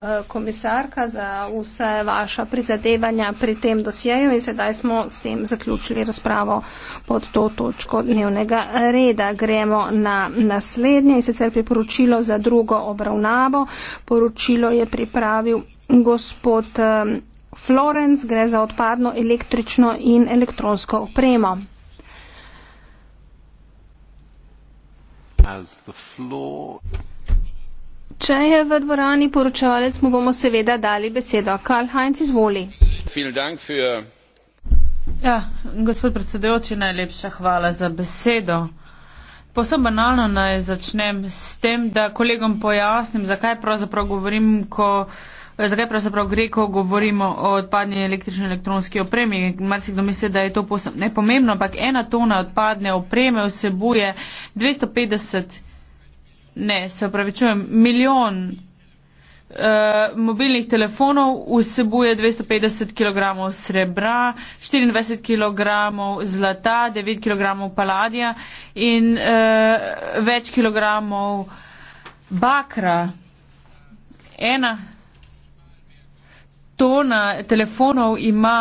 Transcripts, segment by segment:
Eh, komisarka za vse vaša prizadevanja pri tem dosjeju in sedaj smo s tem zaključili razpravo pod to točko dnevnega reda. Gremo na naslednje in sicer priporočilo za drugo obravnavo. Poročilo je pripravil gospod eh, Florence, gre za odpadno električno in elektronsko opremo. As the floor... Če je v dvorani poročevalec, mu bomo seveda dali besedo. Karl Heinz, izvoli. Ja, gospod predsedujoči, najlepša hvala za besedo. Posebno banalno naj začnem s tem, da kolegom pojasnim, zakaj pravzaprav govorim, ko. Zakaj pravzaprav gre, ko govorimo o odpadni električni elektronski opremi? Marsikdo misli, da je to posebno nepomembno, ampak ena tona odpadne opreme vsebuje 250 ne, se upravičujem, milijon uh, mobilnih telefonov vsebuje 250 kg srebra, 24 kg zlata, 9 kg paladija in uh, več kg bakra. Ena tona telefonov ima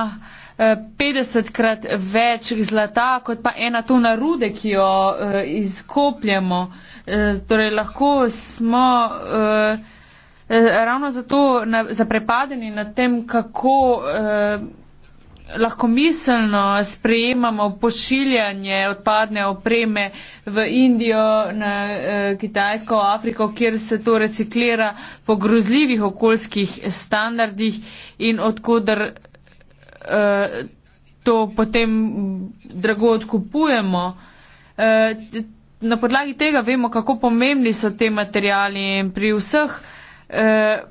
50krat več zlata, kot pa ena tona rude, ki jo eh, izkopljamo. Eh, torej lahko smo eh, ravno zato zaprepadeni nad tem, kako lahko miselno sprejemamo pošiljanje odpadne opreme v Indijo, na Kitajsko, v Afriko, kjer se to reciklira po grozljivih okoljskih standardih in odkudar Eh, to potem drago odkupujemo. Eh, na podlagi tega vemo, kako pomembni so te materijali pri vseh eh,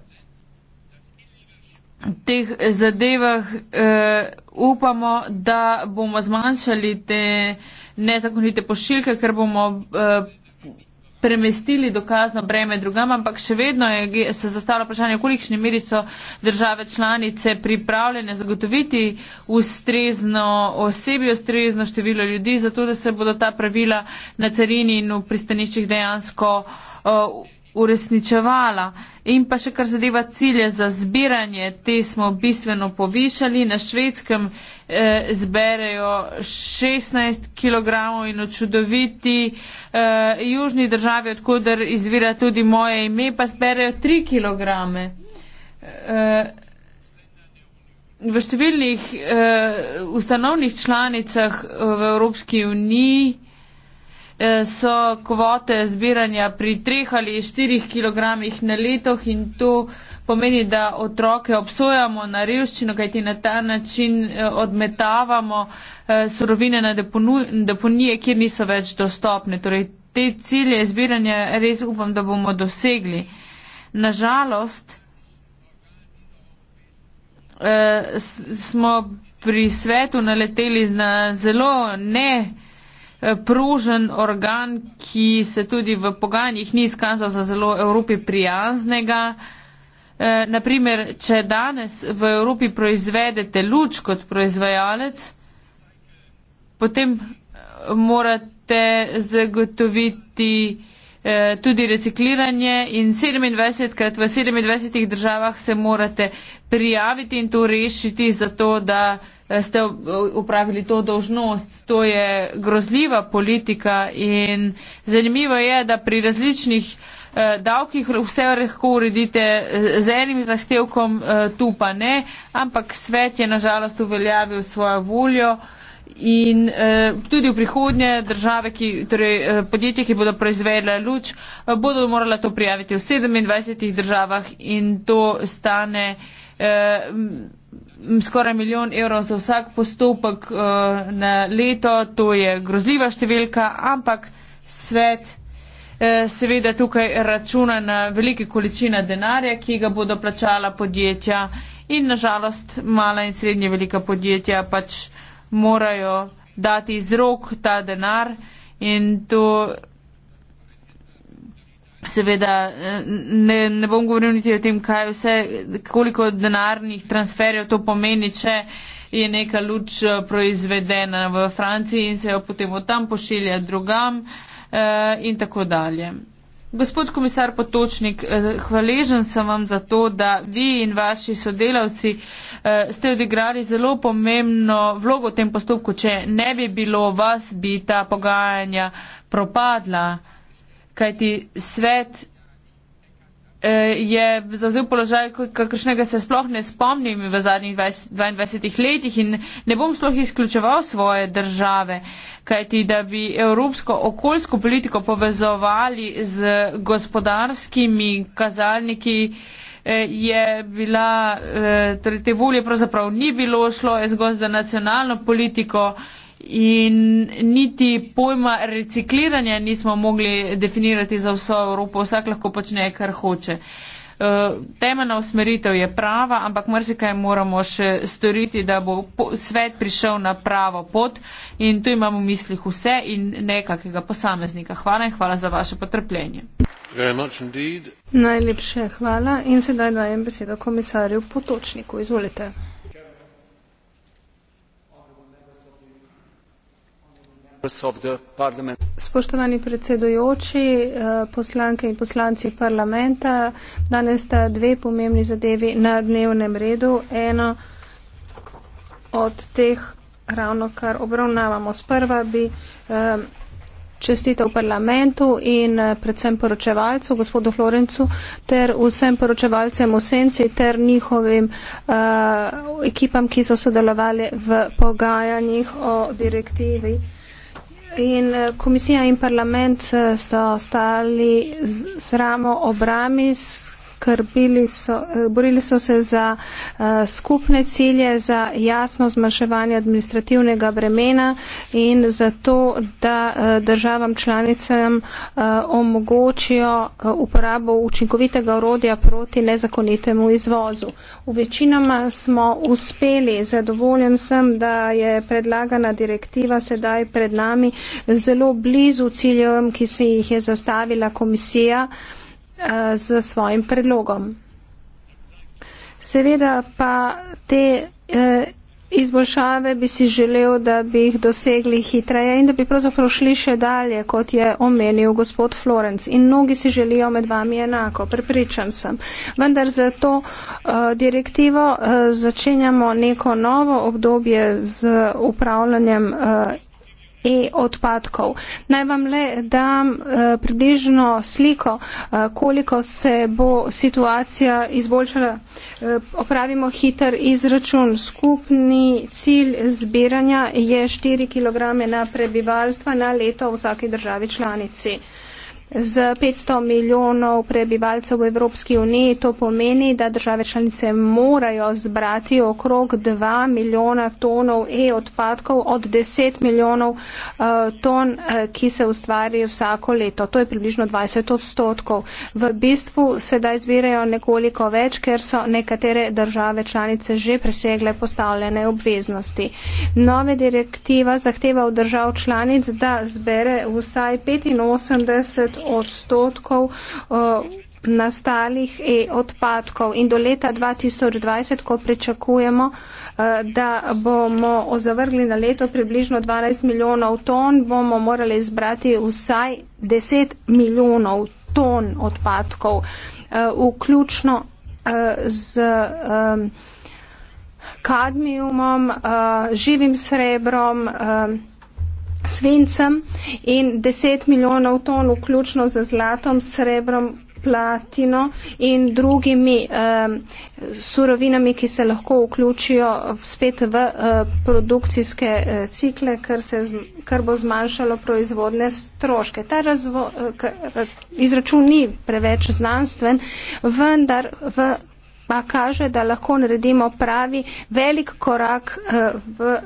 teh zadevah. Upamo, da bomo zmanjšali te nezakonite pošiljke, ker bomo premestili dokazno breme drugam, ampak še vedno je, se zastavlja vprašanje, v kolikšni meri so države članice pripravljene zagotoviti ustrezno osebi, ustrezno število ljudi, zato da se bodo ta pravila na carini in v pristaniščih dejansko uh, uresničevala. In pa še kar zadeva cilje za zbiranje, te smo bistveno povišali. Na švedskem eh, zberejo 16 kg in očudoviti eh, južni državi, odkudar izvira tudi moje ime, pa zberejo 3 kg. Eh, v številnih eh, ustanovnih članicah v Evropski uniji. Eh, so kvote zbiranja pri 3 ali 4 kg na letoh in to pomeni, da otroke obsojamo na revščino, kajti na ta način eh, odmetavamo eh, surovine na deponije, kjer niso več dostopne. Torej, te cilje zbiranja res upam, da bomo dosegli. Nažalost, smo pri svetu naleteli na zelo ne. Eh, pružen organ, ki se tudi v pogajanjih ni izkazal za zelo Evropi prijaznega. Eh, Naprimer, če danes v Evropi proizvedete luč kot proizvajalec, potem eh, morate zagotoviti tudi recikliranje in 27 krat v 27 državah se morate prijaviti in to rešiti zato, da Eh, ste upravili to dožnost. To je grozljiva politika in zanimivo je, da pri različnih eh, davkih vse lahko uredite eh, z enim zahtevkom, tu pa ne, ampak svet je nažalost uveljavil svojo voljo. In eh, tudi v prihodnje države, ki, torej eh, podjetje, ki bodo proizvedla luč, eh, bodo morala to prijaviti v 27 državah in to stane eh, skoraj milijon evrov za vsak postopek uh, na leto, to je grozljiva številka, ampak svet uh, seveda tukaj računa na velike količine denarja, ki ga bodo plačala podjetja in nažalost mala in srednje velika podjetja pač morajo dati iz rok ta denar in to Seveda, eh, ne, ne bom govoril niti o tem, kaj vse, koliko denarnih transferjev to pomeni, če je neka luč eh, proizvedena v Franciji in se jo potem od tam pošilja drugam eh, in tako dalje. Gospod komisar Potočnik, eh, hvaležen sem vam za to, da vi in vaši sodelavci eh, ste odigrali zelo pomembno vlogo v tem postopku. Če ne bi bilo vas, bi ta pogajanja propadla kaj ti svet eh, je zauzel položaj, kakršnega se sploh ne spomnim v zadnjih 20, 22 letih in ne bom sploh izključeval svoje države, kajti da bi evropsko okoljsko politiko povezovali z gospodarskimi kazalniki, eh, je bila, eh, torej te volje pravzaprav ni bilo, šlo je zgolj za nacionalno politiko. In niti pojma recikliranja nismo mogli definirati za vso Evropo, vsak lahko počne, kar hoče. Eh, temeljna usmeritev je prava, ampak mrzikaj moramo še storiti, da bo svet prišel na pravo pot in tu imamo v mislih vse in nekakega posameznika. Hvala in hvala za vaše potrpljenje. Najlepše hvala in sedaj dajem besedo komisarju Potočniku. Izvolite. Spoštovani predsedujoči, eh, poslanke in poslanci parlamenta, danes sta dve pomembni zadevi na dnevnem redu. Eno od teh ravno kar obravnavamo. Sprva bi eh, čestitev parlamentu in eh, predvsem poročevalcu, gospodu Florencu, ter vsem poročevalcem v senci ter njihovim uh, ekipam, ki so sodelovali v pogajanjih o direktivi. Uh, In eh, komisija in parlament eh, so stali z ramo obrami, skrbili, so, eh, borili so se za uh, skupne cilje, za jasno zmanjševanje administrativnega bremena in za to, da uh, državam članicam uh, omogočijo uh, uporabo učinkovitega orodja proti nezakonitemu izvozu. V večinoma smo uspeli, zadovoljen sem, da je predlagana direktiva sedaj pred nami zelo blizu ciljem, ki se jih je zastavila komisija. Uh, z eh, svojim predlogom. Seveda pa te eh, izboljšave bi si želel, da bi jih dosegli hitreje in da bi pravzaprav šli še dalje, kot je omenil gospod Florenc. In mnogi si želijo med vami enako, prepričan sem. Vendar za to eh, direktivo začenjamo neko novo obdobje z upravljanjem e-odpadkov. Naj vam le dam eh, približno sliko, eh, koliko se bo situacija izboljšala. Eh, opravimo hiter izračun. Skupni cilj zbiranja je 4 kg na prebivalstva na leto v vsaki državi članici. Z 500 milijonov prebivalcev v Evropski uniji to pomeni, da države članice morajo zbrati okrog 2 milijona tonov e-odpadkov od 10 milijonov eh, ton, eh, ki se ustvarijo vsako leto. To je približno 20 odstotkov. V bistvu sedaj zbirajo nekoliko več, ker so nekatere države članice že presegle postavljene obveznosti. Nove direktiva zahteva od držav članic, da zbere vsaj 85 odstotkov eh, nastalih eh, odpadkov in do leta 2020, ko pričakujemo, eh, da bomo ozavrgli na leto približno 12 milijonov ton, bomo morali zbrati vsaj 10 milijonov ton odpadkov, vključno z kadmiumom, živim srebrom, svincem in 10 milijonov ton, vključno z zlatom, srebrom, platino in drugimi um, surovinami, ki se lahko vključijo spet v uh, produkcijske uh, cikle, kar, se, kar bo zmanjšalo proizvodne stroške. Ta razvo, uh, izračun ni preveč znanstven, vendar v pa kaže, da lahko naredimo pravi velik korak uh, v uh,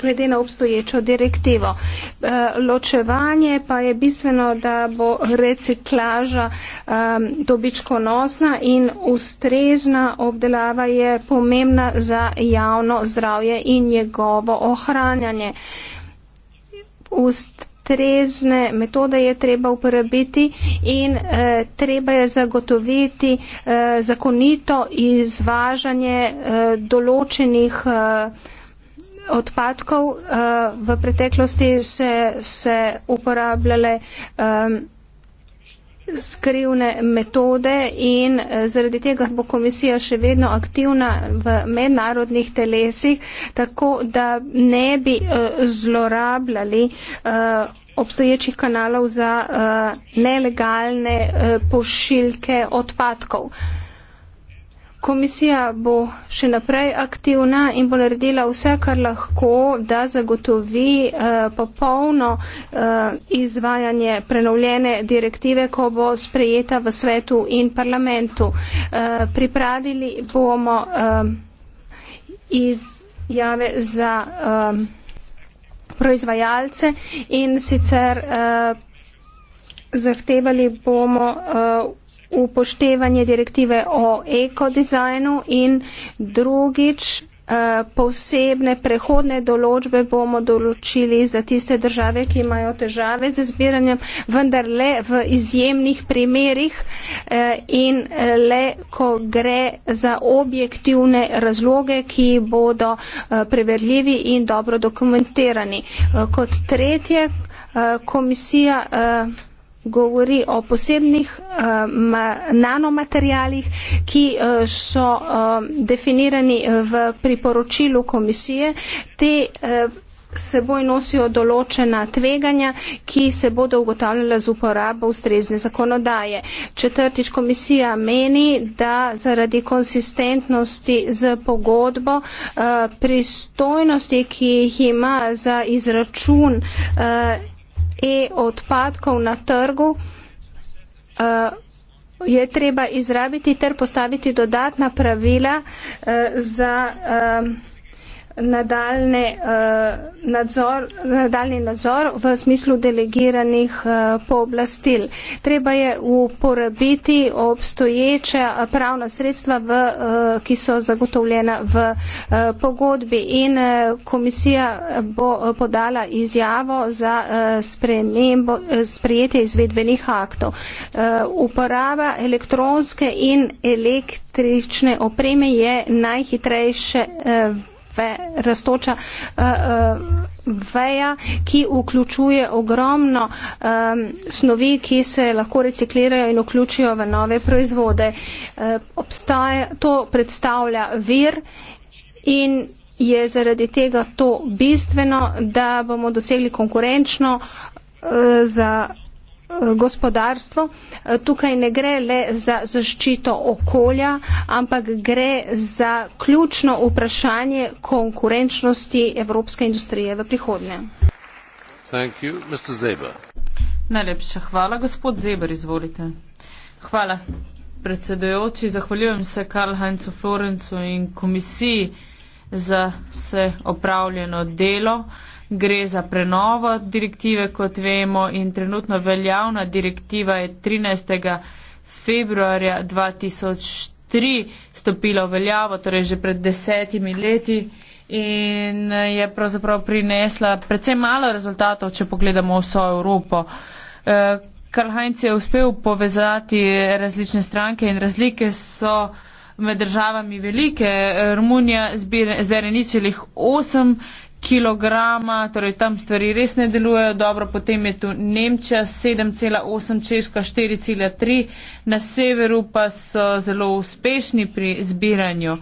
glede na obstoječo direktivo. Eh, ločevanje pa je bistveno, da bo reciklaža ehm, dobičkonosna in ustrezna obdelava je pomembna za javno zdravje in njegovo ohranjanje. Trezne metode je treba uporabiti in eh, treba je zagotoviti eh, zakonito izvažanje eh, določenih eh, odpadkov uh, v preteklosti se, se uporabljale um, skrivne metode in eh, zaradi tega bo komisija še vedno aktivna v mednarodnih telesih, tako da ne bi uh, zlorabljali uh, obstoječih kanalov za uh, nelegalne uh, pošiljke odpadkov. Uh, komisija bo še naprej aktivna in bo naredila vse, kar lahko, da zagotovi eh, popolno eh, izvajanje prenovljene direktive, ko bo sprejeta v svetu in parlamentu. Eh, pripravili bomo eh, izjave za eh, proizvajalce in sicer eh, zahtevali bomo. Eh, upoštevanje direktive o ekodizajnu in drugič eh, posebne prehodne določbe bomo določili za tiste države, ki imajo težave z izbiranjem, vendar le v izjemnih primerih eh, in eh, le, ko gre za objektivne razloge, ki bodo preverljivi in dobro dokumentirani. Kot tretje, komisija govori o posebnih um, nanomaterialih, ki uh, so um, definirani v priporočilu komisije. Te uh, seboj nosijo določena tveganja, ki se bodo ugotavljala z uporabo ustrezne zakonodaje. Četrtič komisija meni, da zaradi konsistentnosti z pogodbo uh, pristojnosti, ki jih ima za izračun uh, e-odpadkov na trgu uh, je treba izrabiti ter postaviti dodatna pravila uh, za. Uh, nadaljne, uh, nadzor, nadaljni nadzor v smislu delegiranih uh, pooblastil. Treba je uporabiti obstoječe pravna sredstva, v, uh, ki so zagotovljena v uh, pogodbi in uh, komisija bo uh, podala izjavo za uh, spremembo, uh, sprijetje izvedbenih aktov. Uh, uporaba elektronske in električne opreme je najhitrejše. Uh, rastoča eh, eh, veja, ki vključuje ogromno eh, snovi, ki se lahko reciklirajo in vključijo v nove proizvode. Obstaja, to predstavlja vir in je zaradi tega to bistveno, da bomo dosegli konkurenčno za Eh, gospodarstvo. Eh, tukaj ne gre le za zaščito okolja, ampak gre za ključno vprašanje konkurenčnosti evropske industrije v prihodnje. You, Najlepša hvala, gospod Zeber, izvolite. Hvala, predsedujoči. Zahvaljujem se Karl-Heinzu Florencu in komisiji za vse opravljeno delo gre za prenovo direktive, kot vemo, in trenutno veljavna direktiva je 13. februarja 2003 stopila v veljavo, torej že pred desetimi leti in je pravzaprav prinesla predvsem malo rezultatov, če pogledamo vso Evropo. Eh, Karl Heinz je uspel povezati različne stranke in razlike so med državami velike. Romunija zbere ničelih osem kilograma, torej tam stvari res ne delujejo dobro, potem je tu Nemčija 7,8, Češka 4,3, na severu pa so zelo uspešni pri zbiranju.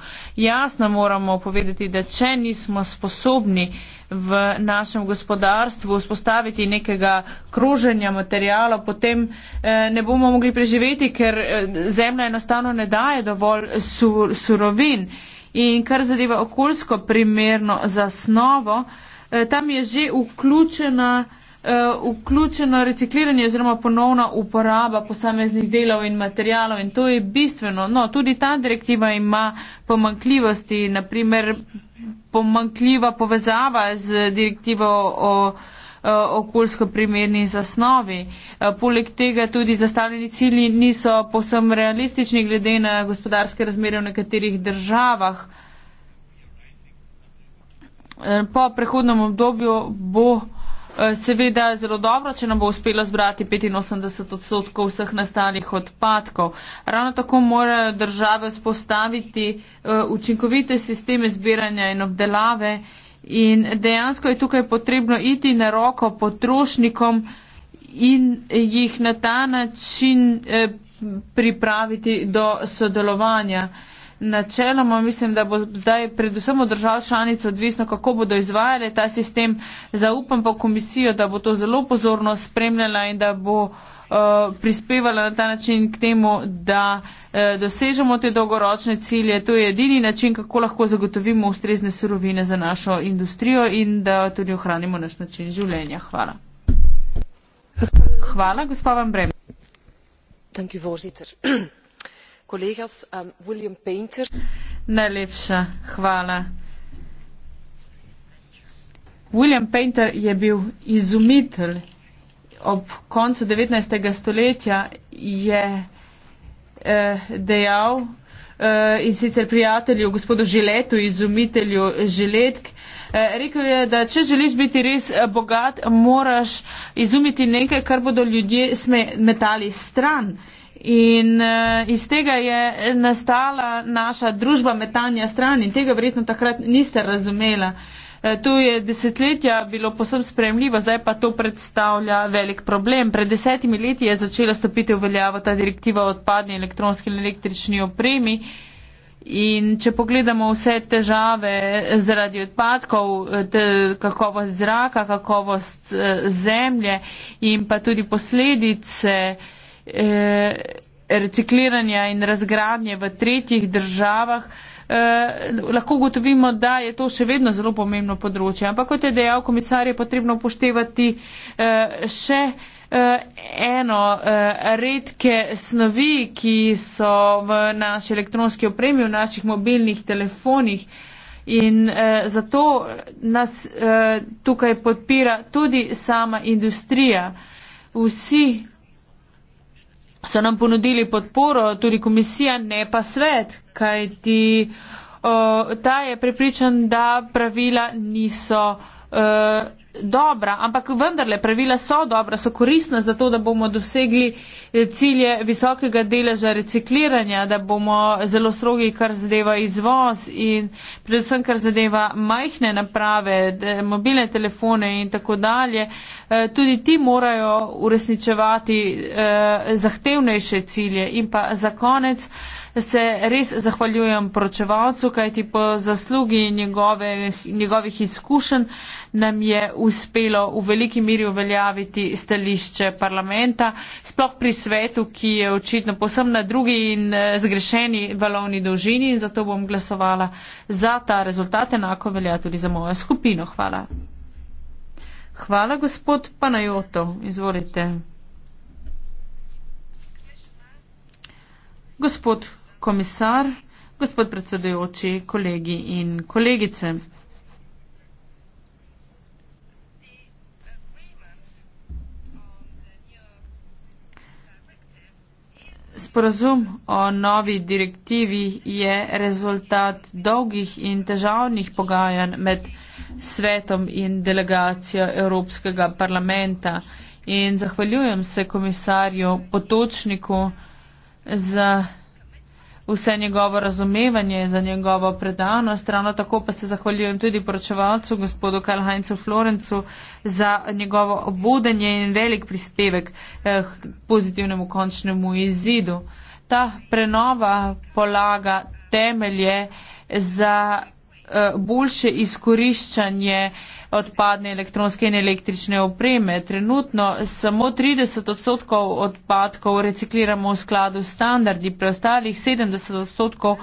Jasno moramo povedati, da če nismo sposobni v našem gospodarstvu vzpostaviti nekega kroženja materijala, potem eh, ne bomo mogli preživeti, ker eh, zemlja enostavno ne daje dovolj surovin. Sur In kar zadeva okoljsko primerno zasnovo, eh, tam je že vključena, eh, vključeno recikliranje oziroma ponovna uporaba posameznih delov in materijalov in to je bistveno. No, tudi ta direktiva ima pomankljivosti, naprimer pomankljiva povezava z direktivo o Eh, okoljsko primerni zasnovi. Eh, poleg tega tudi zastavljeni cilji niso posem realistični glede na gospodarske razmere v nekaterih državah. Eh, po prehodnem obdobju bo seveda zelo dobro, če nam bo uspelo zbrati 85 odstotkov vseh nastalih odpadkov. Ravno tako morajo države spostaviti učinkovite sisteme zbiranja in obdelave uh, In dejansko je tukaj potrebno iti na roko potrošnikom in jih na ta način eh, pripraviti do sodelovanja načeloma mislim, da bo zdaj predvsem od držav članic odvisno, kako bodo izvajali ta sistem. Zaupam pa komisijo, da bo to zelo pozorno spremljala in da bo eh, prispevala na ta način k temu, da eh, dosežemo te dolgoročne cilje. To je edini način, kako lahko zagotovimo ustrezne surovine za našo industrijo in da tudi ohranimo naš način življenja. Hvala. Hvala, gospod Van Brem. Thank you, voorzitter collega's um, William Painter. Najlepša hvala. William Painter je bil izumitelj. Ob koncu 19. stoletja je eh, dejal eh, in sicer prijatelju gospodu Žiletu, izumitelju Žiletk, eh, Rekel je, da če želiš biti res eh, bogat, moraš izumiti nekaj, kar bodo ljudje smetali stran. Uh, In uh, iz tega je nastala naša družba metanja stran in tega verjetno takrat niste razumela. Eh, tu je desetletja bilo posem spremljivo, zdaj pa to predstavlja velik problem. Pred desetimi leti je začela stopiti v veljavo ta direktiva o odpadni elektronski in električni opremi. In če pogledamo vse težave zaradi odpadkov, eh, kakovost zraka, kakovost zemlje in pa tudi posledice eh, Eh, recikliranja in razgradnje v tretjih državah. Eh, lahko gotovimo, da je to še vedno zelo pomembno področje, ampak kot je dejal komisar, je potrebno upoštevati eh, še eh, eno eh, redke snovi, ki so v naši elektronski opremi, v naših mobilnih telefonih in eh, zato nas eh, tukaj podpira tudi sama industrija. Vsi so nam ponudili podporo, tudi komisija, ne pa svet, kajti uh, ta je pripričan, da pravila niso. Uh, dobra, ampak vendarle pravila so dobra, so korisna za to, da bomo dosegli eh, cilje visokega deleža recikliranja, da bomo zelo strogi, kar zadeva izvoz in predvsem, kar zadeva majhne naprave, mobilne telefone in tako dalje. Eh, tudi ti morajo uresničevati eh, zahtevnejše cilje. In pa za konec se res zahvaljujem poročevalcu, kajti po zaslugi njegove, njegovih izkušenj nam je uspelo v veliki miri uveljaviti stališče parlamenta, sploh pri svetu, ki je očitno posem na drugi in eh, zgrešeni valovni dolžini in zato bom glasovala za ta rezultat, enako velja tudi za mojo skupino. Hvala. Hvala, gospod Panajoto. Izvolite. Gospod komisar, gospod predsedujoči, kolegi in kolegice. Sporazum o novi direktivi je rezultat dolgih in težavnih pogajanj med svetom in delegacijo Evropskega parlamenta in zahvaljujem se komisarju Potočniku za vse njegovo razumevanje za njegovo predanost. Ravno tako pa se zahvaljujem tudi poročevalcu, gospodu Karl-Heinzu Florencu, za njegovo obudanje in velik prispevek k eh, pozitivnemu končnemu izidu. Ta prenova polaga temelje za Eh, boljše izkoriščanje odpadne elektronske in električne opreme. Trenutno samo 30 odstotkov odpadkov recikliramo v skladu s standardi, preostalih 70 odstotkov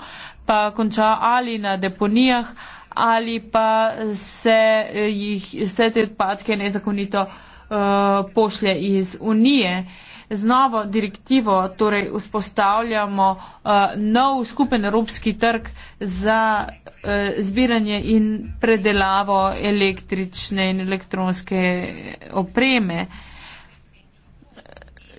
pa konča ali na deponijah ali pa se eh, jih vse te odpadke nezakonito uh, pošlje iz Unije. Uh, z novo direktivo torej vzpostavljamo uh, nov skupen evropski trg za uh, zbiranje in predelavo električne in elektronske opreme.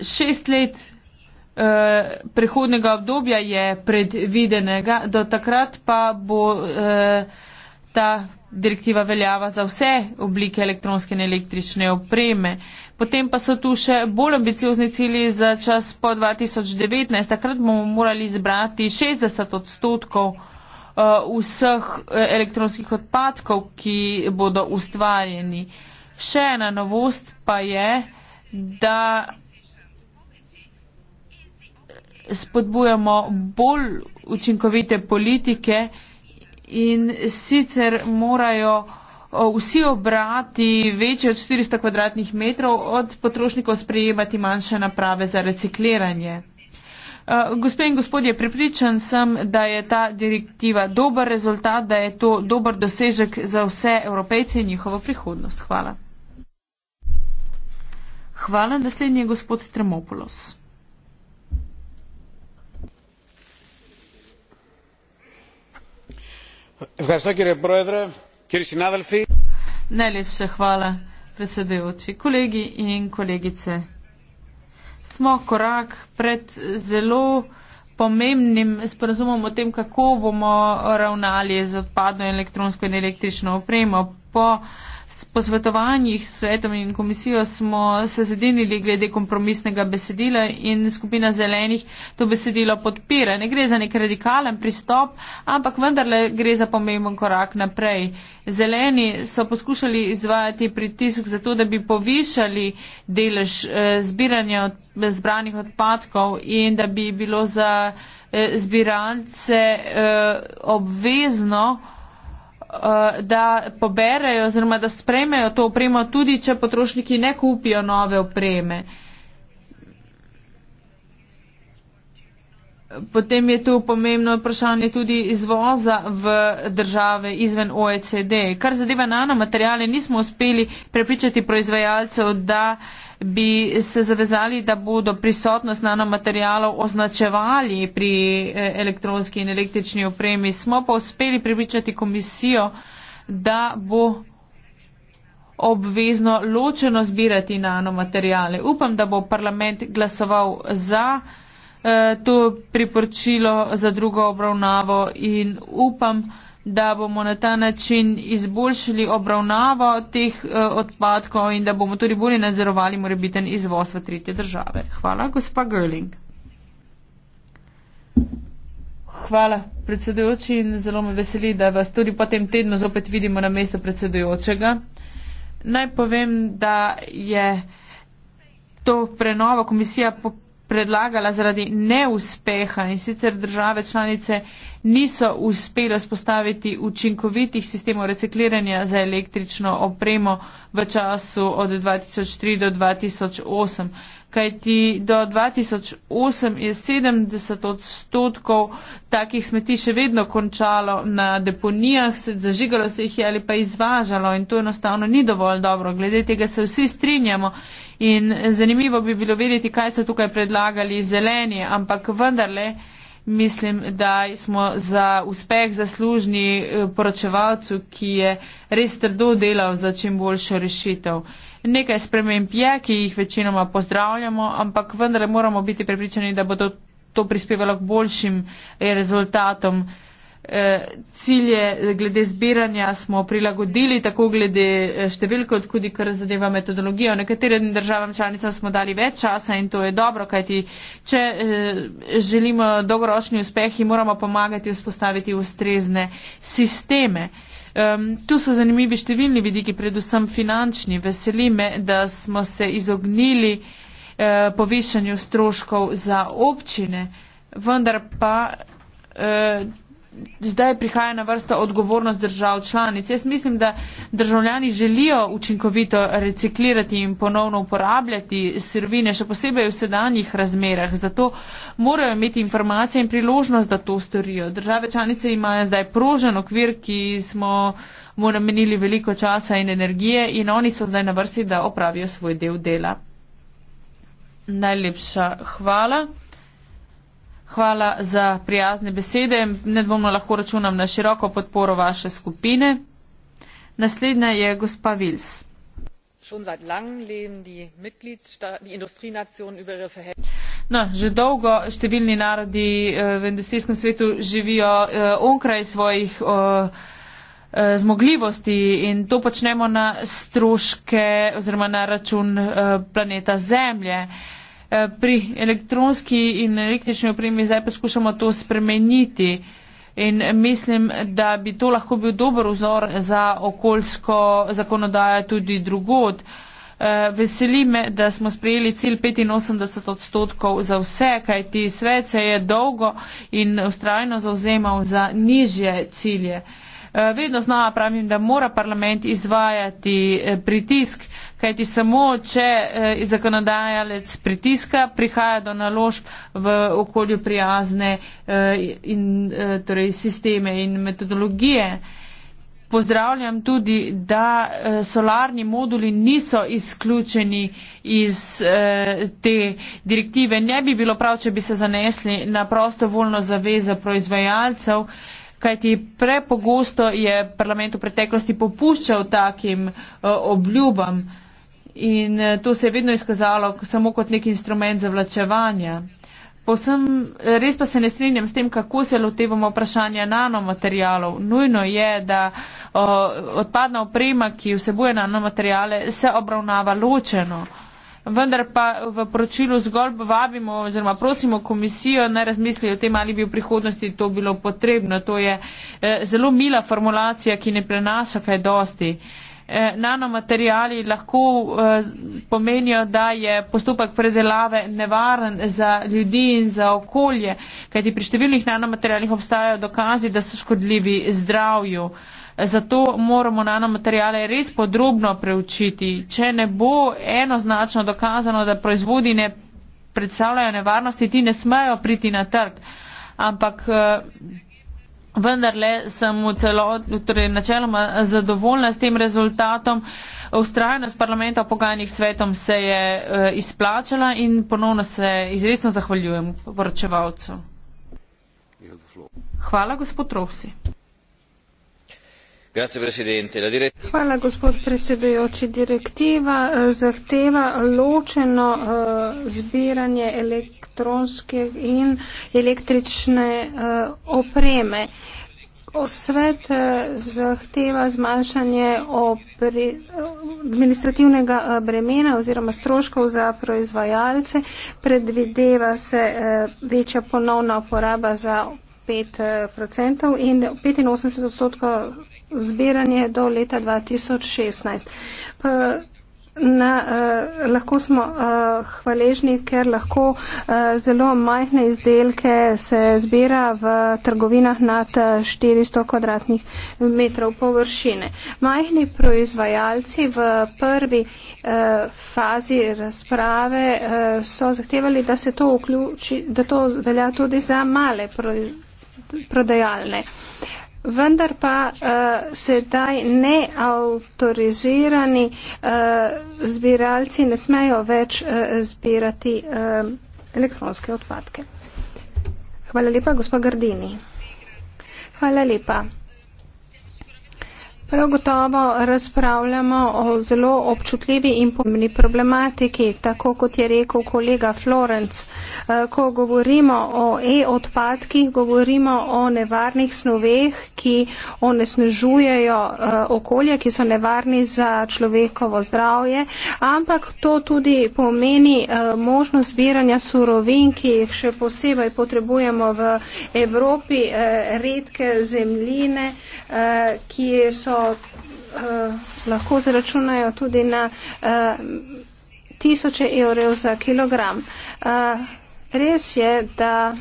Šest let eh, prehodnega obdobja je predvidenega, do takrat pa bo eh, ta direktiva veljava za vse oblike elektronske in električne opreme. Eh, Potem pa so tu še bolj ambiciozni cilji za čas po 2019. Takrat bomo morali zbrati 60 odstotkov eh, vseh eh, elektronskih odpadkov, ki bodo ustvarjeni. Še ena novost pa je, da spodbujamo bolj učinkovite politike in sicer morajo vsi obrati večje od 400 kvadratnih metrov od potrošnikov sprejemati manjše naprave za recikliranje. E, gospe in gospodje, pripričan sem, da je ta direktiva dober rezultat, da je to dober dosežek za vse evropejce in njihovo prihodnost. Hvala. Hvala. Naslednji je gospod Tremopolos. Hvala, gospod predsednik. Najlepša hvala, predsedujoči. Kolegi in kolegice, smo korak pred zelo pomembnim sporazumom o tem, kako bomo ravnali z odpadno elektronsko in električno opremo po posvetovanjih s svetom in komisijo smo se zedinili glede kompromisnega besedila in skupina zelenih to besedilo podpira. Ne gre za nek radikalen pristop, ampak vendarle gre za pomemben korak naprej. Zeleni so poskušali izvajati pritisk za to, da bi povišali delež eh, zbiranja zbranih odpadkov in da bi bilo za eh, zbirance eh, obvezno Eh, da poberejo oziroma da sprejmejo to opremo, tudi če potrošniki ne kupijo nove opreme. Potem je tu pomembno vprašanje tudi izvoza v države izven OECD. Kar zadeva nanomaterijale, nismo uspeli prepričati proizvajalcev, da bi se zavezali, da bodo prisotnost nanomaterijalov označevali pri eh, elektronski in električni opremi. Smo pa uspeli prepričati komisijo, da bo obvezno ločeno zbirati nanomaterijale. Upam, da bo parlament glasoval za. Eh, to priporočilo za drugo obravnavo in upam, da bomo na ta način izboljšali obravnavo teh eh, odpadkov in da bomo tudi bolje nadzorovali morebiten izvoz v tretje države. Hvala, gospa Görling. Hvala, predsedujoči, in zelo me veseli, da vas tudi po tem tednu zopet vidimo na mesto predsedujočega. Naj povem, da je to prenova komisija po predlagala zaradi neuspeha in sicer države članice niso uspele spostaviti učinkovitih sistemov recikliranja za električno opremo v času od 2003 do 2008 kajti do 2008 je 70 odstotkov takih smeti še vedno končalo na deponijah, zažigalo se jih je ali pa izvažalo in to enostavno ni dovolj dobro. Glede tega se vsi strinjamo in zanimivo bi bilo vedeti, kaj so tukaj predlagali zeleni, ampak vendarle mislim, da smo za uspeh zaslužni eh, poročevalcu, ki je res trdo delal za čim boljšo rešitev. Nekaj sprememb je, ki jih večinoma pozdravljamo, ampak vendar moramo biti prepričani, da bodo to prispevalo k boljšim eh, rezultatom. Eh, cilje eh, glede zbiranja smo prilagodili, tako glede eh, številke, kot tudi kar zadeva metodologijo. Nekaterim državam članicam smo dali več časa in to je dobro, kajti če želimo dolgoročni uspeh, moramo pomagati vzpostaviti ustrezne sisteme. Um, tu so zanimivi številni vidiki, predvsem finančni. Veseli me, da smo se izognili eh, povišanju stroškov za občine, vendar pa. Eh, zdaj prihaja na vrsto odgovornost držav članic. Jaz mislim, da državljani želijo učinkovito reciklirati in ponovno uporabljati sirovine, še posebej v sedanjih razmerah. Zato morajo imeti informacije in priložnost, da to storijo. Države članice imajo zdaj prožen okvir, ki smo mu namenili veliko časa in energije in oni so zdaj na vrsti, da opravijo svoj del dela. Najlepša hvala. Hvala za prijazne besede. Nedvomno lahko računam na široko podporo vaše skupine. Naslednja je gospa Vils. No, že dolgo številni narodi eh, v industrijskem svetu živijo eh, onkraj svojih eh, zmogljivosti in to počnemo na stroške oziroma na račun planeta Zemlje. Eh, pri elektronski in električni opremi zdaj poskušamo to spremeniti. In mislim, da bi to lahko bil dober vzor za okoljsko zakonodajo tudi drugod. Eh, veseli me, da smo sprejeli cilj 85 odstotkov za vse, kajti svet se je dolgo in ustrajno zauzemal za nižje cilje. Eh, vedno znova pravim, da mora parlament izvajati pritisk, kajti samo, če eh, zakonodajalec pritiska, prihaja do naložb v okolju prijazne eh, in, eh, torej sisteme in metodologije. Pozdravljam tudi, da eh, solarni moduli niso izključeni iz eh, te direktive. Ne bi bilo prav, če bi se zanesli na prostovoljno zavezo proizvajalcev. Kajti prepogosto je parlament v preteklosti popuščal takim uh, obljubam. In eh, to se je vedno izkazalo samo kot nek instrument zavlačevanja. Posem, eh, res pa se ne strinjam s tem, kako se lotevamo vprašanja nanomaterjalov. Nujno je, da o, odpadna oprema, ki vsebuje nanomaterjale, se obravnava ločeno. Vendar pa v poročilu zgolj vabimo oziroma prosimo komisijo, naj razmisli o tem, ali bi v prihodnosti to bilo potrebno. To je eh, zelo mila formulacija, ki ne prenaša kaj dosti. Eh, Eh, nanomaterijali lahko eh, pomenijo, da je postopek predelave nevaren za ljudi in za okolje, kajti pri številnih nanomaterijalih obstajajo dokazi, da so škodljivi zdravju. Zato moramo nanomaterijale res podrobno preučiti. Če ne bo enoznačno dokazano, da proizvodi ne predstavljajo nevarnosti, ti ne smejo priti na trg. Ampak eh, Vendarle sem v celoti, torej načeloma zadovoljna s tem rezultatom. Ustrajnost parlamenta v pogajanjih svetom se je eh, izplačala in ponovno se izredno zahvaljujem poročevalcu. Hvala, gospod Rosi direktiva eh, zahteva ločeno eh, zbiranje elektronske in električne eh, opreme. Svet zahteva zmanjšanje administrativnega bremena oziroma stroškov za proizvajalce, predvideva se večja ponovna uporaba za 5% in 85% odstotkov zbiranje do leta 2016. Pa, Na, eh, lahko smo eh, hvaležni, ker lahko eh, zelo majhne izdelke se zbira v trgovinah nad 400 eh, kvadratnih metrov površine. Majhni proizvajalci v prvi eh, fazi razprave eh, so zahtevali, da se to vključi, da to velja tudi za male prodajalne. Eh, Vendar pa uh, sedaj neautorizirani uh, eh, zbiralci ne smejo več uh, zbirati uh, elektronske odpadke. Hvala lepa, gospod Gardini. Hvala lepa. Prav gotovo razpravljamo o zelo občutljivi in pomembni problematiki, tako kot je rekel kolega Florenc. Eh, ko govorimo o e-odpadkih, govorimo o nevarnih snoveh, ki onesnežujejo eh, okolje, ki so nevarni za človekovo zdravje, ampak to tudi pomeni eh, možnost zbiranja surovin, ki jih še posebej potrebujemo v Evropi, redke zemljine, ki so uh, lahko zračunajo tudi na uh, tisoče evrov za kilogram. Uh, res je, da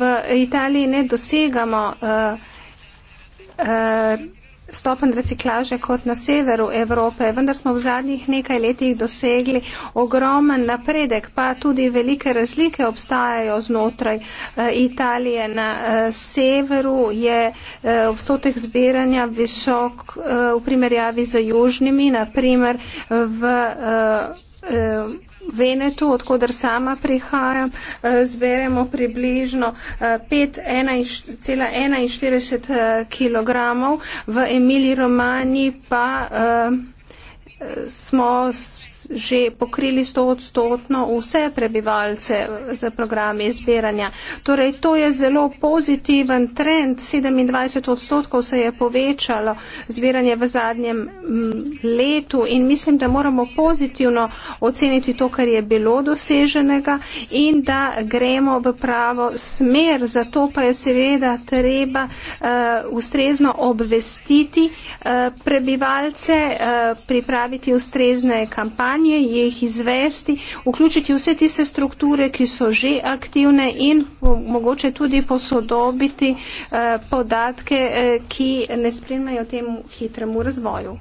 v Italiji ne dosegamo uh, uh, stopen reciklaže kot na severu Evrope, vendar smo v zadnjih nekaj letih dosegli ogromen napredek, pa tudi velike razlike obstajajo znotraj eh, Italije. Na eh, severu je eh, obstotek zbiranja visok v primerjavi z južnimi, naprimer v Veneto, odkudar sama prihajam, eh, zberemo približno 5,41 eh, eh, kg, v Emiliji Romani pa smo že pokrili 100 odstotno vse prebivalce za eh, programe izbiranja. Torej, to je zelo pozitiven trend. 27 odstotkov se je povečalo zbiranje v zadnjem mm, letu in mislim, da moramo pozitivno oceniti to, kar je bilo doseženega in da gremo v pravo smer. Zato pa je seveda treba uh, ustrezno obvestiti uh, prebivalce, uh, pripraviti ustrezne kampanje stanje, jih izvesti, vključiti vse tiste strukture, ki so že aktivne in mogoče tudi posodobiti eh, podatke, eh, ki ne spremljajo temu hitremu razvoju.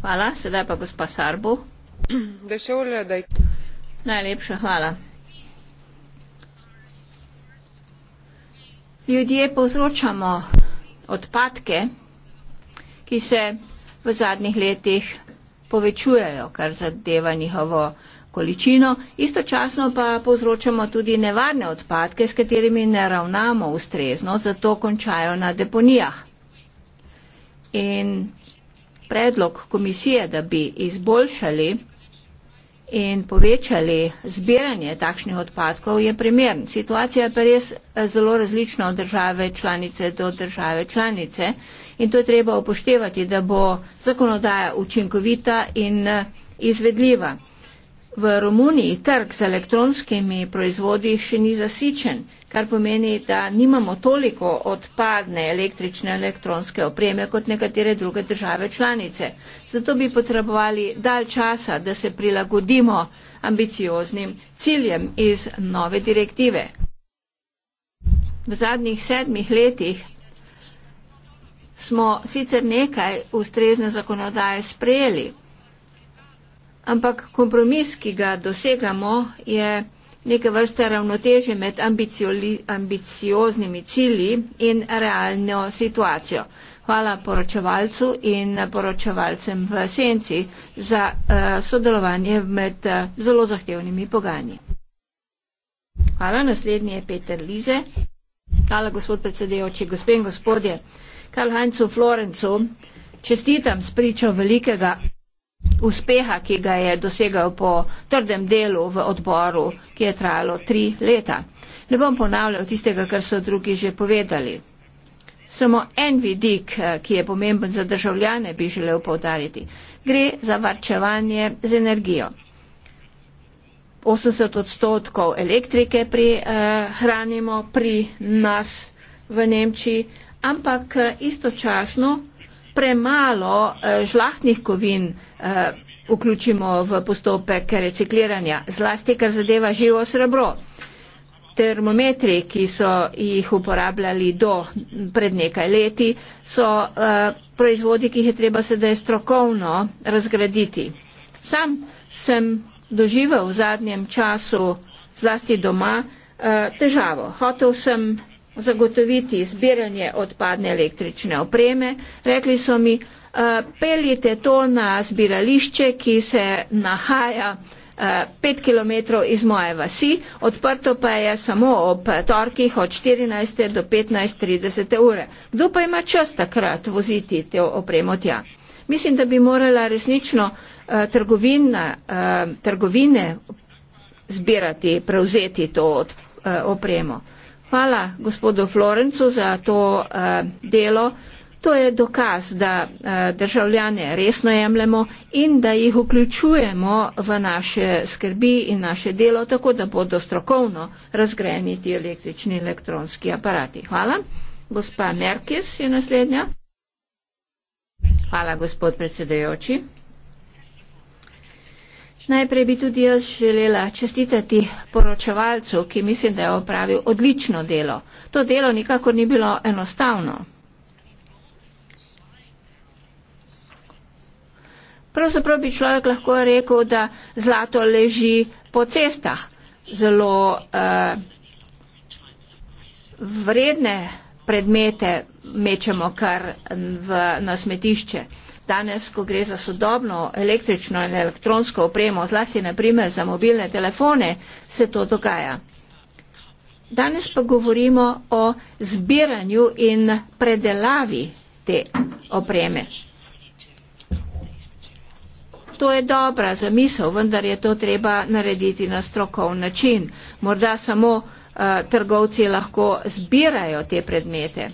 Hvala, sedaj pa gospa Sarbu. Najlepša hvala. Ljudje povzročamo odpadke, ki se v zadnjih letih povečujejo, kar zadeva njihovo količino, istočasno pa povzročamo tudi nevarne odpadke, s katerimi ne ravnamo ustrezno, zato končajo na deponijah. In predlog komisije, da bi izboljšali in povečali zbiranje takšnih odpadkov, je primern. Situacija pa res eh, zelo različna od države članice do države članice in to je treba upoštevati, da bo zakonodaja učinkovita in eh, izvedljiva. V Romuniji trg z elektronskimi proizvodi še ni zasičen kar pomeni, da nimamo toliko odpadne električne elektronske opreme kot nekatere druge države članice. Zato bi potrebovali dalj časa, da se prilagodimo ambicioznim ciljem iz nove direktive. V zadnjih sedmih letih smo sicer nekaj ustrezne zakonodaje sprejeli, ampak kompromis, ki ga dosegamo, je neke vrste ravnoteže med ambicioznimi cilji in realno situacijo. Hvala poročevalcu in poročevalcem v Senci za uh, sodelovanje med uh, zelo zahtevnimi pogajanji. Hvala, naslednji je Peter Lize. Hvala, gospod predsedejoči, gospe in gospodje. Karl Heinzu Florencu, čestitam s pričo velikega uspeha, ki ga je dosegal po trdem delu v odboru, ki je trajalo tri leta. Ne bom ponavljal tistega, kar so drugi že povedali. Samo en vidik, eh, ki je pomemben za državljane, bi želel povdariti. Gre za varčevanje z energijo. 80 odstotkov elektrike pri, eh, hranimo pri nas v Nemčiji, ampak eh, istočasno premalo eh, žlahtnih kovin eh, vključimo v postopek recikliranja, zlasti kar zadeva živo srebro. Termometri, ki so jih uporabljali do pred nekaj leti, so uh, proizvodi, ki jih je treba sedaj strokovno razgraditi. Sam sem doživel v zadnjem času, zlasti doma, uh, težavo. Hotel sem zagotoviti zbiranje odpadne električne opreme. Rekli so mi, eh, peljite to na zbirališče, ki se nahaja eh, pet kilometrov iz moje vasi, odprto pa je samo ob torkih od 14. do 15.30 ure. Kdo pa ima čas takrat voziti te opremo tja? Mislim, da bi morala resnično eh, trgovina, trgovine zbirati, prevzeti to opremo. Hvala gospodu Florencu za to uh, delo. To je dokaz, da uh, državljane resno jemljemo in da jih vključujemo v naše skrbi in naše delo, tako da bodo strokovno razgrajeni ti električni elektronski aparati. Hvala. Gospa Merkis je naslednja. Hvala, gospod predsedajoči. Najprej bi tudi jaz želela čestitati poročevalcu, ki mislim, da je opravil odlično delo. To delo nikakor ni bilo enostavno. Pravzaprav bi človek lahko rekel, da zlato leži po cestah. Zelo eh, vredne predmete mečemo kar v, na smetišče. Eh, Danes, ko gre za sodobno električno in elektronsko opremo, zlasti na primer za mobilne telefone, se to dogaja. Danes pa govorimo o zbiranju in predelavi te opreme. To je dobra zamisel, vendar je to treba narediti na strokov način. Morda samo uh, trgovci lahko zbirajo te predmete.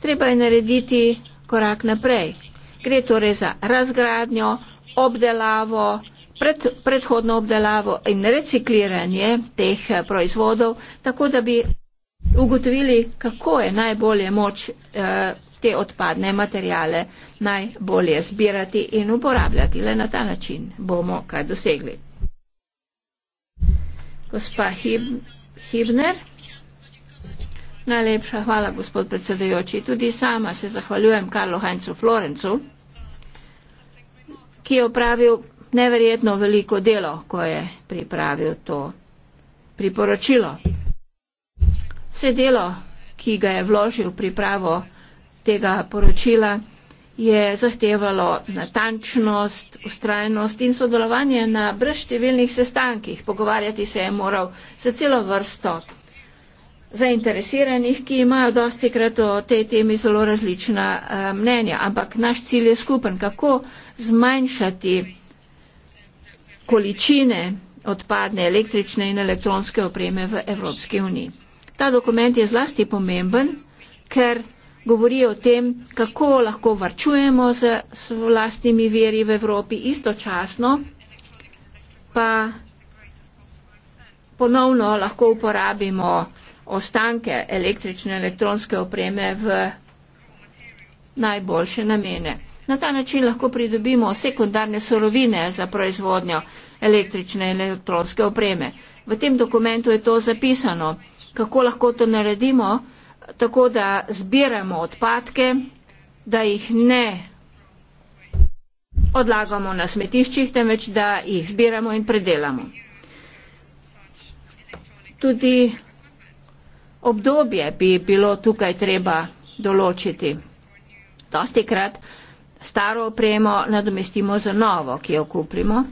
Treba je narediti korak naprej. Gre torej za razgradnjo, obdelavo, pred, predhodno obdelavo in recikliranje teh eh, proizvodov, tako da bi ugotovili, kako je najbolje moč eh, te odpadne materijale najbolje zbirati in uporabljati. Le na ta način bomo kaj dosegli. Gospa Hib Hibner. Najlepša hvala, gospod predsedujoči. Tudi sama se zahvaljujem Karlu Heinzu Florencu, ki je opravil neverjetno veliko delo, ko je pripravil to priporočilo. Vse delo, ki ga je vložil v pripravo tega poročila, je zahtevalo natančnost, ustrajnost in sodelovanje na brez številnih sestankih. Pogovarjati se je moral s celo vrsto zainteresiranih, ki imajo dosti krat o tej temi zelo različna eh, mnenja. Ampak naš cilj je skupen, kako zmanjšati količine odpadne električne in elektronske opreme v Evropski uniji. Ta dokument je zlasti pomemben, ker govori o tem, kako lahko varčujemo z vlastnimi veri v Evropi istočasno, pa ponovno lahko uporabimo ostanke električne elektronske opreme v najboljše namene. Na ta način lahko pridobimo sekundarne sorovine za proizvodnjo električne elektronske opreme. V tem dokumentu je to zapisano, kako lahko to naredimo, tako da zbiramo odpadke, da jih ne odlagamo na smetiščih, temveč da jih zbiramo in predelamo. Tudi obdobje bi bilo tukaj treba določiti. Dosti krat staro opremo nadomestimo za novo, ki jo kupimo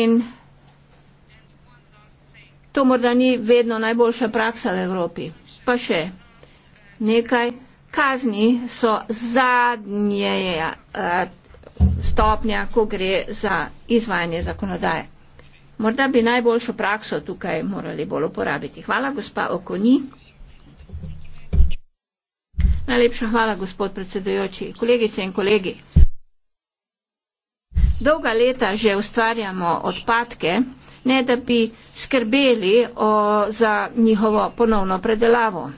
in to morda ni vedno najboljša praksa v Evropi. Pa še nekaj kazni so zadnje eh, stopnja, ko gre za izvajanje zakonodaje. Morda bi najboljšo prakso tukaj morali bolj uporabiti. Hvala, gospa Okoni. Najlepša hvala, gospod predsedujoči. Kolegice in kolegi. Dolga leta že ustvarjamo odpadke, ne da bi skrbeli o, za njihovo ponovno predelavo.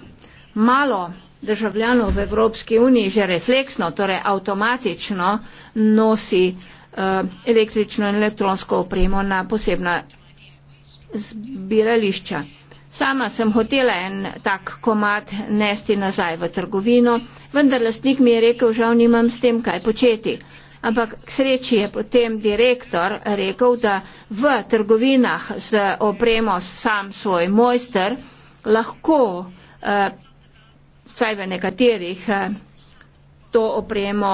Malo državljanov v Evropski uniji že refleksno, torej avtomatično nosi eh, električno in elektronsko opremo na posebna zbirališča. Sama sem hotela en tak komad nesti nazaj v trgovino, vendar lastnik mi je rekel, žal nimam s tem kaj početi. Ampak k sreči je potem direktor rekel, da v trgovinah z opremo sam svoj mojster lahko, eh, vsaj eh, v nekaterih, eh, to opremo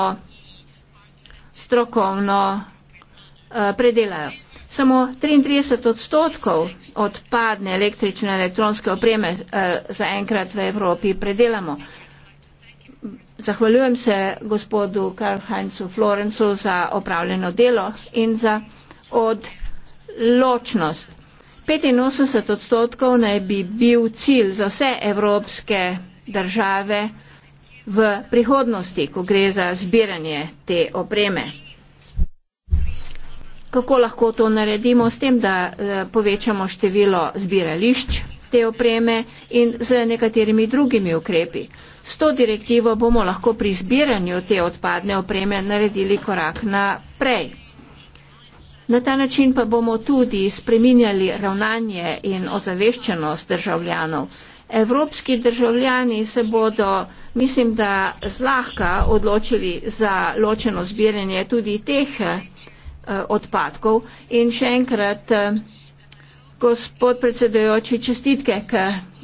strokovno eh, predelajo. Samo 33 odstotkov odpadne električne elektronske opreme eh, zaenkrat v Evropi predelamo. Zahvaljujem se gospodu Karl-Heinzu Florencu za opravljeno delo in za odločnost. 85 odstotkov naj bi bil cilj za vse evropske države v prihodnosti, ko gre za zbiranje te opreme kako lahko to naredimo s tem, da eh, povečamo število zbirališč te opreme in z nekaterimi drugimi ukrepi. S to direktivo bomo lahko pri zbiranju te odpadne opreme naredili korak naprej. Na ta način pa bomo tudi spreminjali ravnanje in ozaveščenost državljanov. Evropski državljani se bodo, mislim, da zlahka odločili za ločeno zbiranje tudi teh Eh, odpadkov. In še enkrat, eh, gospod predsedujoči, čestitke k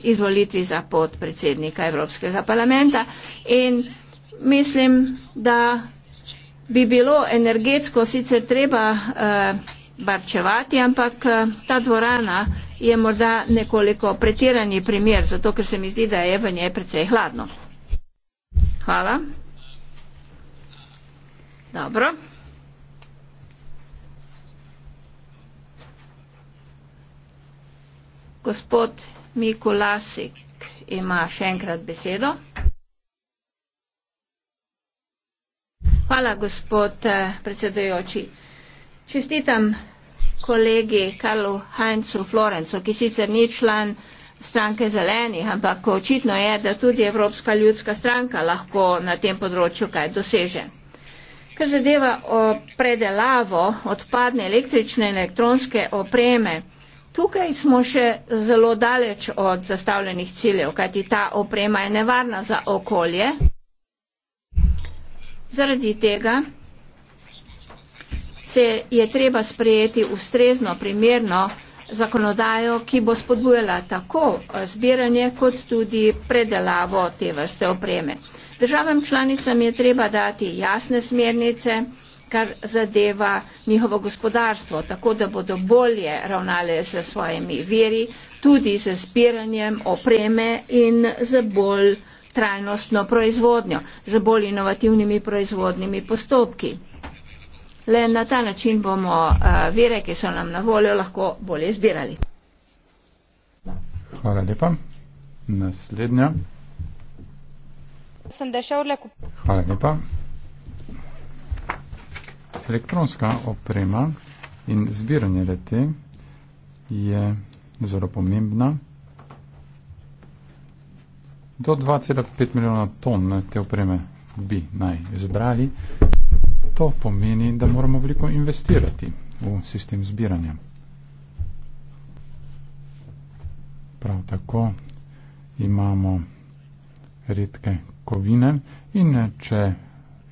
izvolitvi za podpredsednika Evropskega parlamenta. In mislim, da bi bilo energetsko sicer treba barčevati, eh, ampak ta dvorana je morda nekoliko pretirani primer, zato ker se mi zdi, da je v njej precej hladno. Hvala. Dobro. Gospod Mikulasik ima še enkrat besedo. Hvala, gospod eh, predsedujoči. Čestitam kolegi Karlu Heinzu Florencu, ki sicer ni član stranke zelenih, ampak očitno je, da tudi Evropska ljudska stranka lahko na tem področju kaj doseže. Kar zadeva o predelavo odpadne električne in elektronske opreme, Tukaj smo še zelo daleč od zastavljenih ciljev, kajti ta oprema je nevarna za okolje. Zaradi tega se je treba sprejeti ustrezno, primerno zakonodajo, ki bo spodbujala tako zbiranje kot tudi predelavo te vrste opreme. Državam članicam je treba dati jasne smernice, kar zadeva njihovo gospodarstvo, tako da bodo bolje ravnale z svojimi veri, tudi z zbiranjem opreme in z bolj trajnostno proizvodnjo, z bolj inovativnimi proizvodnimi postopki. Le na ta način bomo uh, vire, ki so nam na voljo, lahko bolje zbirali. Hvala lepa. Naslednja. Sem dešavle kup. Hvala lepa elektronska oprema in zbiranje lete je zelo pomembna. Do 2,5 milijona ton te opreme bi naj izbrali. To pomeni, da moramo veliko investirati v sistem zbiranja. Prav tako imamo redke kovine in če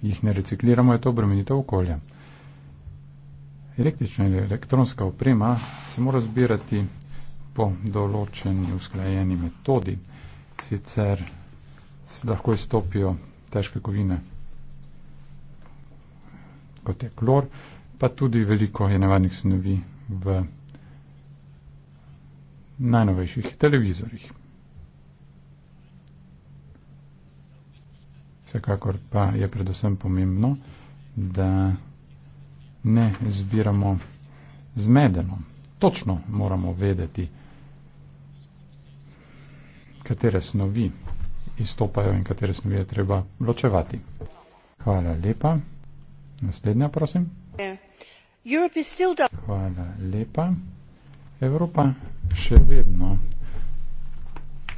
jih ne recikliramo, je to obremenitev okolja. Električna in elektronska oprema se mora zbirati po določeni usklajeni metodi, sicer lahko izstopijo težke kovine, kot je klor, pa tudi veliko je nevarnih snovi v najnovejših televizorjih. Vsekakor pa je predvsem pomembno, da ne zbiramo zmedeno. Točno moramo vedeti, katere snovi izstopajo in katere snovi je treba ločevati. Hvala lepa. Naslednja, prosim. Hvala lepa. Evropa še vedno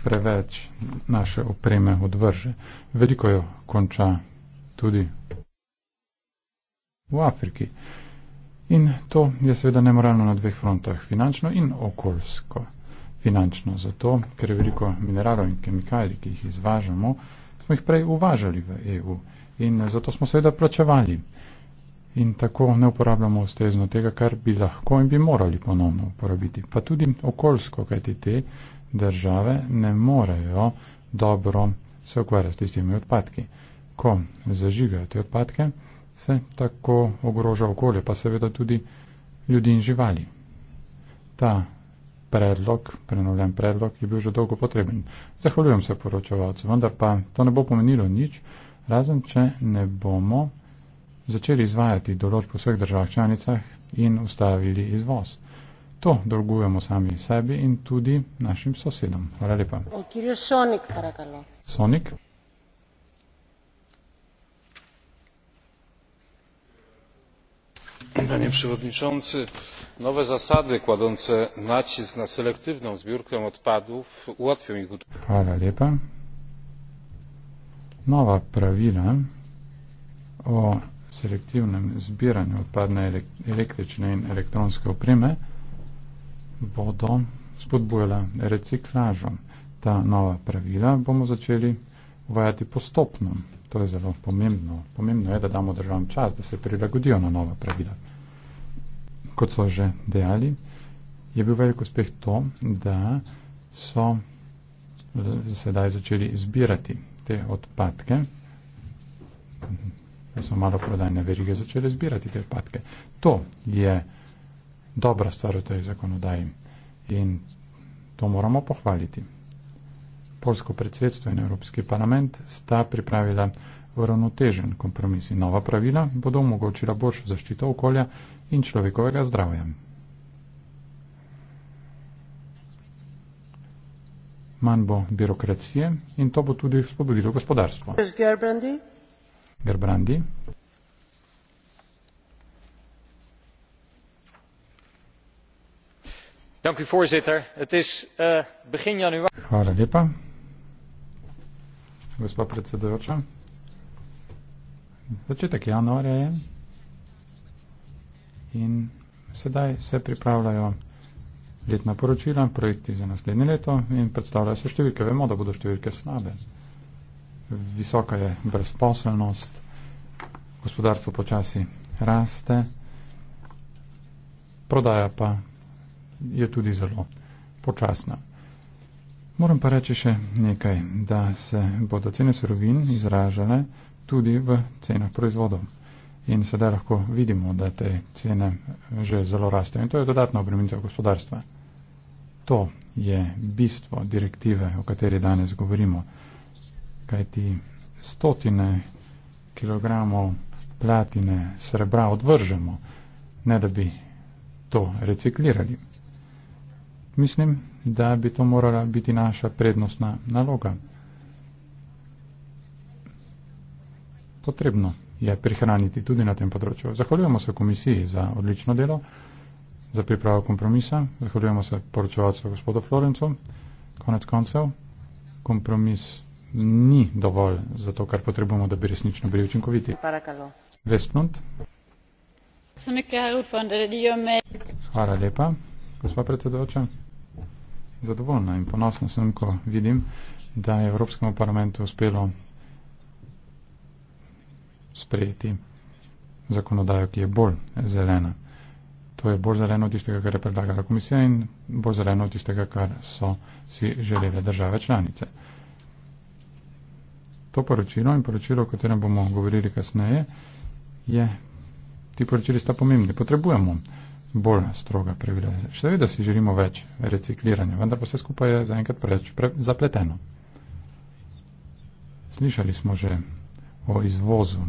preveč naše opreme odvrže. Veliko jo konča tudi v Afriki. In to je seveda nemoralno na dveh frontah, finančno in okoljsko. Finančno zato, ker je veliko mineralov in kemikalij, ki jih izvažamo, smo jih prej uvažali v EU in zato smo seveda plačevali. In tako ne uporabljamo ustrezno tega, kar bi lahko in bi morali ponovno uporabiti. Pa tudi okoljsko, kajti te države ne morejo dobro se ukvarjati s tistimi odpadki. Ko zažigajo te odpadke, se tako ogroža okolje, pa seveda tudi ljudi in živali. Ta predlog, prenovljen predlog, je bil že dolgo potreben. Zahvaljujem se poročevalcu, vendar pa to ne bo pomenilo nič, razen če ne bomo začeli izvajati določb v vseh državah članicah in ustavili izvoz to dolgujemo sami sebi in tudi našim sosedom. Hvala lepa. Sonik, Sonik. Panie Przewodniczący, nowe zasady kładące nacisk na selektywną zbiórkę odpadów ułatwią ich utrzymanie. Nowa prawila o selektywnym zbieraniu odpadów elektrycznej i elektronicznej opremy bodo spodbujala reciklažo. Ta nova pravila bomo začeli uvajati postopno. To je zelo pomembno. Pomembno je, da damo državam čas, da se prilagodijo na nova pravila. Kot so že dejali, je bil velik uspeh to, da so sedaj začeli zbirati te odpadke. Da so malo prodajne verige začeli zbirati te odpadke. To je dobra stvar v tej zakonodaji in to moramo pohvaliti. Polsko predsedstvo in Evropski parlament sta pripravila uravnotežen kompromis in nova pravila bodo omogočila boljšo zaščito okolja in človekovega zdravja. Manj bo birokracije in to bo tudi spodbudilo gospodarstvo. Gerbrandi. Gerbrandi. voorzitter het is eh, begin januari en de europese unie is een van de grootste handelspartners van rusland en heeft een enorme invloed op de wereldeconomie. het is een van de grootste handelspartners van rusland en heeft een enorme invloed op de wereldeconomie. het is een van de grootste handelspartners van rusland en heeft een enorme invloed op de wereldeconomie je tudi zelo počasna. Moram pa reči še nekaj, da se bodo cene surovin izražale tudi v cenah proizvodov. In sedaj lahko vidimo, da te cene že zelo rastejo. In to je dodatna obremenitev gospodarstva. To je bistvo direktive, o kateri danes govorimo. Kaj ti stotine kilogramov platine srebra odvržemo, ne da bi to reciklirali. Mislim, da bi to morala biti naša prednostna naloga. Potrebno je prihraniti tudi na tem področju. Zahvaljujemo se komisiji za odlično delo, za pripravo kompromisa, zahvaljujemo se poročevalcu gospodu Florencu. Konec koncev, kompromis ni dovolj za to, kar potrebujemo, da bi resnično bili učinkoviti. Vestnund. Hvala lepa. Gospa predsedovča, zadovoljna in ponosna sem, ko vidim, da je Evropskemu parlamentu uspelo sprejeti zakonodajo, ki je bolj zelena. To je bolj zeleno od tistega, kar je predlagala komisija in bolj zeleno od tistega, kar so si želeli države članice. To poročilo in poročilo, o katerem bomo govorili kasneje, je, ti poročili sta pomembni. Potrebujemo bolj stroga pravila. Seveda si želimo več recikliranja, vendar pa vse skupaj je zaenkrat preveč pre zapleteno. Slišali smo že o izvozu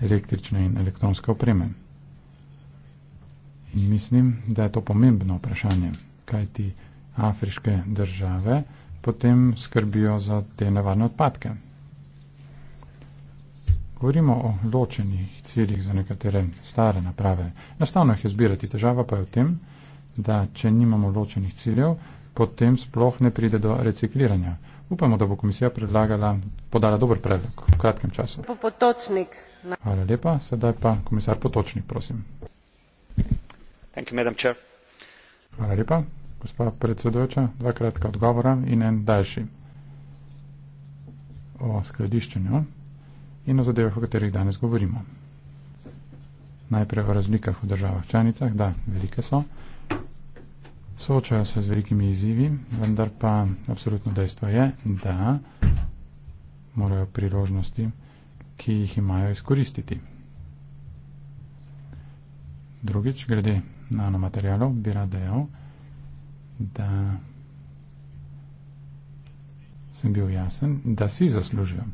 električne in elektronske opreme. In mislim, da je to pomembno vprašanje, kaj ti afriške države potem skrbijo za te nevarne odpadke. Govorimo o ločenih ciljih za nekatere stare naprave. Enostavno jih je zbirati, težava pa je v tem, da če nimamo ločenih ciljev, potem sploh ne pride do recikliranja. Upamo, da bo komisija predlagala, podala dober predlog v kratkem času. Potočnik. Hvala lepa, sedaj pa komisar Potočnik, prosim. Hvala lepa, gospa predsedujoča, dva kratka odgovora in en daljši o skladiščenju in o zadevah, o katerih danes govorimo. Najprej o razlikah v državah članicah, da, velike so. Soočajo se z velikimi izzivi, vendar pa absolutno dejstvo je, da morajo priložnosti, ki jih imajo, izkoristiti. Drugič, glede nanomaterjalov, bi rad dejal, da sem bil jasen, da si zaslužijo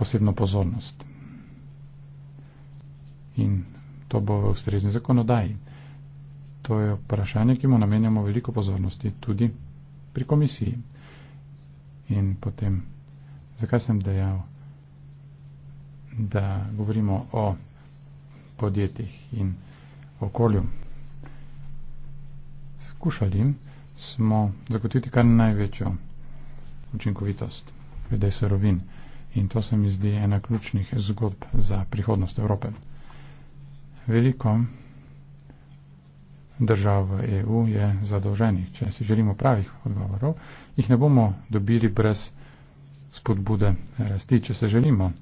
posebno pozornost. In to bo v ustrezni zakonodaji. To je vprašanje, ki mu namenjamo veliko pozornosti tudi pri komisiji. In potem, zakaj sem dejal, da govorimo o podjetjih in okolju. Skušali smo zagotoviti kar največjo učinkovitost glede sorovin. In to se mi zdi ena ključnih zgodb za prihodnost Evrope. Veliko držav v EU je zadolženih. Če si želimo pravih odgovorov, jih ne bomo dobili brez spodbude rasti. Če se želimo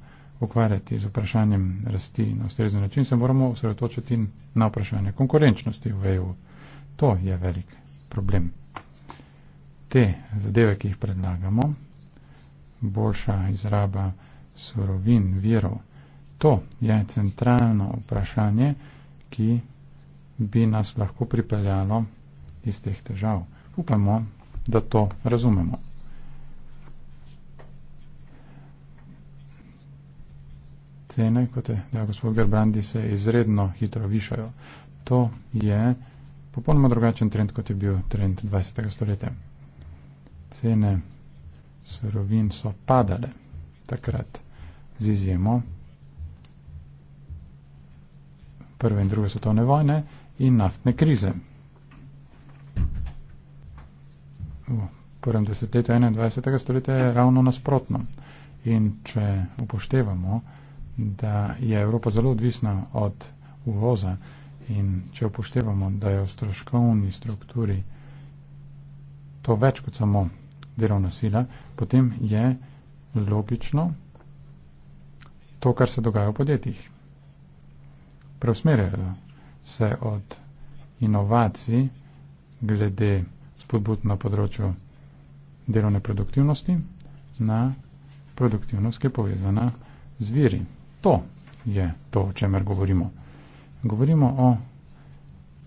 ukvarjati z vprašanjem rasti na ustrezen način, se moramo osredotočiti na vprašanje konkurenčnosti v EU. To je velik problem. Te zadeve, ki jih predlagamo, boljša izraba surovin, virov. To je centralno vprašanje, ki bi nas lahko pripeljalo iz teh težav. Upamo, da to razumemo. Cene, kot je da gospod Gerbrandi, se izredno hitro višajo. To je popolnoma drugačen trend, kot je bil trend 20. stoletja. Cene surovin so padale takrat z izjemo prve in druge svetovne vojne in naftne krize. V prvem desetletju 21. stoletja je ravno nasprotno. In če upoštevamo, da je Evropa zelo odvisna od uvoza in če upoštevamo, da je v stroškovni strukturi to več kot samo delovna sila, potem je logično to, kar se dogaja v podjetjih. Preusmerjajo se od inovacij glede spodbud na področju delovne produktivnosti na produktivnost, ki je povezana z viri. To je to, o čemer govorimo. Govorimo o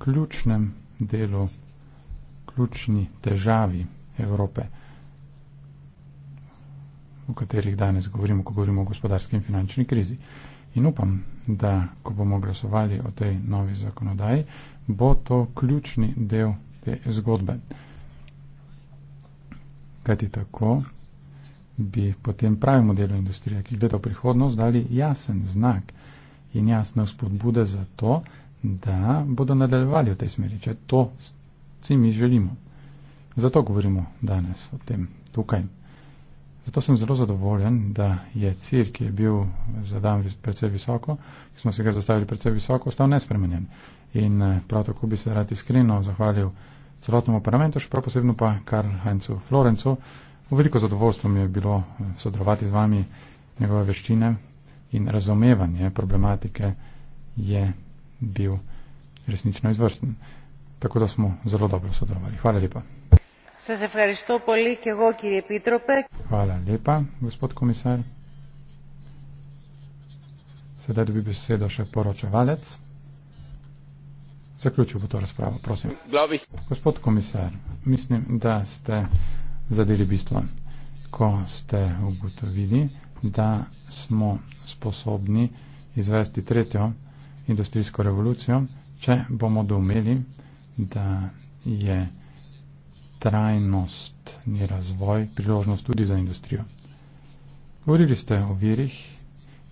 ključnem delu, ključni težavi Evrope o katerih danes govorimo, ko govorimo o gospodarski in finančni krizi. In upam, da ko bomo glasovali o tej novi zakonodaji, bo to ključni del te zgodbe. Kajti tako bi potem pravi model industrije, ki gleda v prihodnost, dali jasen znak in jasne spodbude za to, da bodo nadaljevali v tej smeri, če to vsi mi želimo. Zato govorimo danes o tem tukaj. Zato sem zelo zadovoljen, da je cilj, ki je bil zadan predvsej visoko, ki smo se ga zastavili predvsej visoko, ostal nespremenjen. In eh, prav tako bi se rad iskreno zahvalil celotnemu parlamentu, še prav posebno pa Karl Heinzu Florencu. V veliko zadovoljstvo mi je bilo eh, sodelovati z vami, njegove veščine in razumevanje problematike je bil resnično izvrsten. Tako da smo zelo dobro sodelovali. Hvala lepa. Σας ευχαριστώ πολύ και εγώ κύριε Επίτροπε. Hvala lepa, gospod komisar. Sedaj dobi besedo še poročevalec. Zaključil bo to razpravo, prosim. Glavih. Gospod komisar, mislim, da ste zadeli bistvo, ko ste ugotovili, da smo sposobni izvesti tretjo industrijsko revolucijo, če bomo domeli, da je trajnostni razvoj, priložnost tudi za industrijo. Govorili ste o virih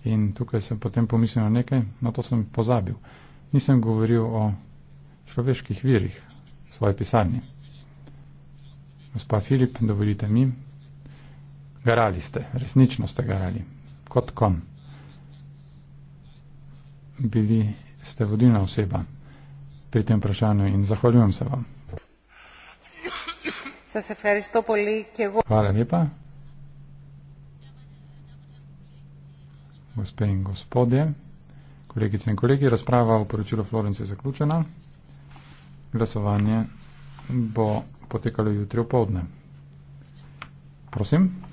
in tukaj sem potem pomislil na nekaj, na to sem pozabil. Nisem govoril o človeških virih v svoji pisarni. Gospa Filip, dovolite mi, garali ste, resnično ste garali, kot kon. Bili ste vodilna oseba pri tem vprašanju in zahvaljujem se vam. Σας ευχαριστώ πολύ και εγώ. Πάρα λίπα. Господин Господе, колеги и колеги, разправа о поручило Флоренция е заключена. Гласование бо потекало утре по дне. Просим.